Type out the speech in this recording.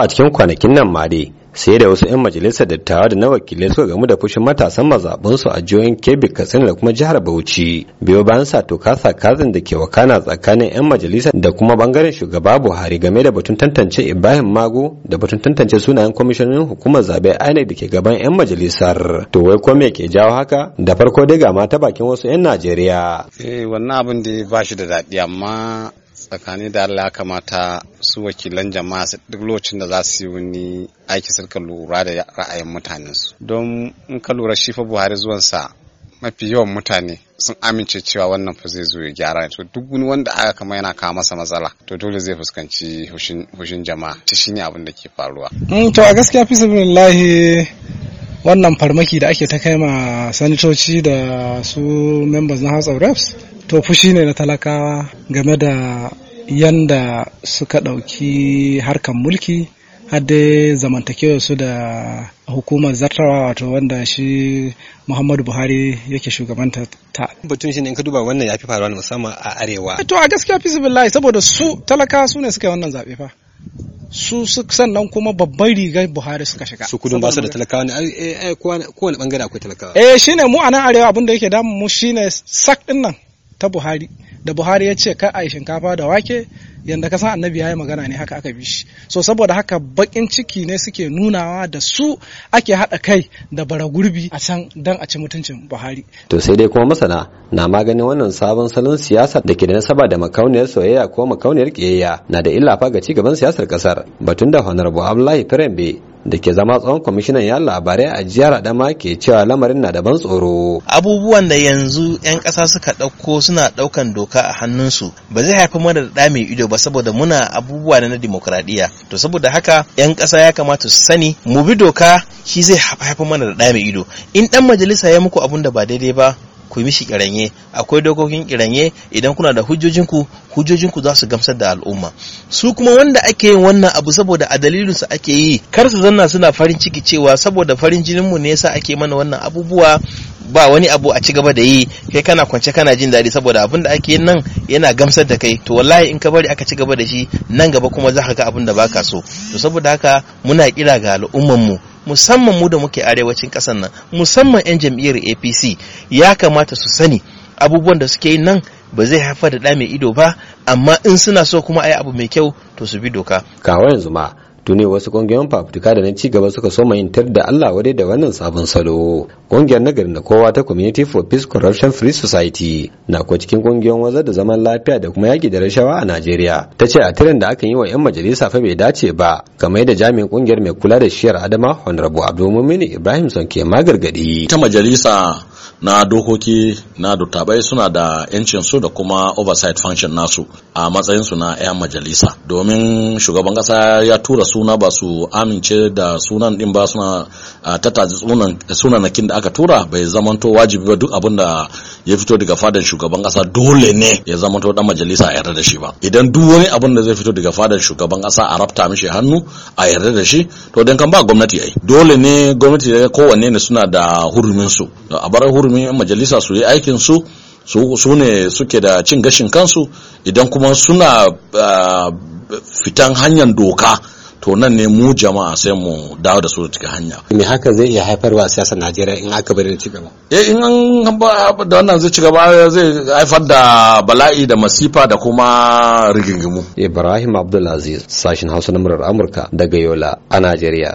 a cikin kwanakin nan mare sai da wasu 'yan majalisar dattawa da na wakilai suka gamu da fushin matasan mazaɓinsu a jihohin kebbi katsina da kuma jihar bauchi biyo bayan sa kasa sakazin da ke wakana tsakanin 'yan majalisa da kuma bangaren shugaba buhari game da batun tantance ibrahim mago da batun tantance sunayen kwamishinin hukumar zabe inec da ke gaban 'yan majalisar to wai ko me ke jawo haka da farko dai ga mata bakin wasu 'yan najeriya eh wannan abin da ba shi da daɗi amma tsakanin da Allah kamata su wakilan jama'a su duk lokacin da za su yi wani aiki suka lura da ra'ayin mutanensu don in ka lura shi fa Buhari zuwansa mafi yawan mutane sun amince cewa wannan fa zai zo ya gyara to duk wani wanda aka kama yana kawo masa matsala to dole zai fuskanci hushin jama'a ta shine abin da ke faruwa mm, to a gaskiya fi lahi wannan farmaki da ake ta kai ma sanitoci da su members na House of Reps to fushi ne na talakawa game da yanda suka ɗauki harkar mulki hadde zamantakewa su da hukumar zartawa wato wanda shi muhammadu buhari yake shugabanta ta batun shi ne in ka duba wannan ya fi faruwa musamman a arewa to a gaskiya fi billahi saboda su talaka su ne suka yi wannan zaɓe fa su sannan kuma babban rigar buhari suka shiga su kudin basu da talakawa ne kowane bangare akwai talakawa eh shine mu a nan arewa abinda yake damu mu shine sak din nan ta buhari da buhari ya ce ka a yi shinkafa da wake yadda ka san annabi ya yi magana ne haka aka bi shi so saboda haka bakin ciki ne suke nunawa da su ake haɗa kai da bara gurbi a can don a ci mutuncin buhari to sai dai kuma masana na maganin wannan sabon salon siyasar da ke da nasaba da makauniyar soyayya ko makauniyar kiyayya na da illa fa ga gaban siyasar kasar batun da honorable abdullahi firambe da ke zama tsohon kwamishinan ya labarai a jihar adama ke cewa lamarin na daban tsoro abubuwan da yanzu yan ƙasa suka ɗauko suna ɗaukan doka a hannunsu ba zai haifar mana da ɗa mai ido ba saboda muna abubuwa na dimokuraɗiyya to saboda haka yan ƙasa ya kamata su sani mu bi doka shi zai haifar mana da ɗa mai ido in ɗan majalisa ya muku abun da ba daidai ba ku mishi kiranye akwai dokokin kiranye idan kuna da hujjojinku hujjojinku za su gamsar da al'umma su kuma wanda ake yin wannan abu saboda a dalilinsu ake yi kar su zanna suna farin ciki cewa saboda farin jinin mu ne yasa ake mana wannan abubuwa ba wani abu a ci gaba da yi kai kana kwance kana jin daɗi saboda abin da ake nan yana gamsar da kai to wallahi in ka bari aka ci gaba da shi nan gaba kuma za ka ga abin da baka so to saboda haka muna kira ga al'umman mu musamman mu da muke arewacin ƙasar nan musamman 'yan jam'iyyar apc ya kamata su sani abubuwan da suke yi nan ba zai haifar da ɗa mai ido ba amma in suna so kuma a yi abu mai kyau to su bi doka. Kawo yanzu ma Duniya wasu kungiyoyin fafutuka da na ci gaba suka soma yin tar da Allah wadai da wannan sabon salo kungiyar nagarin da kowa ta community for peace corruption free society na ko cikin kungiyoyin wazar da zaman lafiya da kuma yaki da rashawa a Najeriya ta ce a tirin da aka yi wa yan majalisa fa bai dace ba kamar da jami'in kungiyar mai kula da shiyar Adama Honorable Abdulmumin Ibrahim Sonke magargadi ta majalisa na dokoki na dutabai suna da yancin su da kuma oversight function nasu a matsayin su na 'yan majalisa domin shugaban kasa ya tura suna ba su amince da sunan din ba suna tattaji sunanakin da aka tura bai zamanto wajibi ba duk abin da ya fito daga fadar shugaban kasa dole ne ya zamanto dan majalisa a yarda da shi ba idan duk wani abin da zai fito daga fadar shugaban kasa a rafta mishi hannu a yarda da shi to dan kan ba gwamnati ai dole ne gwamnati da kowanne ne suna da hurumin su a bar hurumin domin 'yan majalisa su yi aikin su su ne suke da cin gashin kansu idan kuma suna ah, fitan hanyar doka to nan ne mu jama'a sai mu dawo da su da cikin hanya. Me haka zai iya haifarwa a siyasar Najeriya in aka bari da cigaba? Eh in an da wannan zai cigaba zai haifar da bala'i da masifa da kuma rigingimu. Ibrahim Abdulaziz sashin Hausa na murar Amurka daga Yola a Najeriya.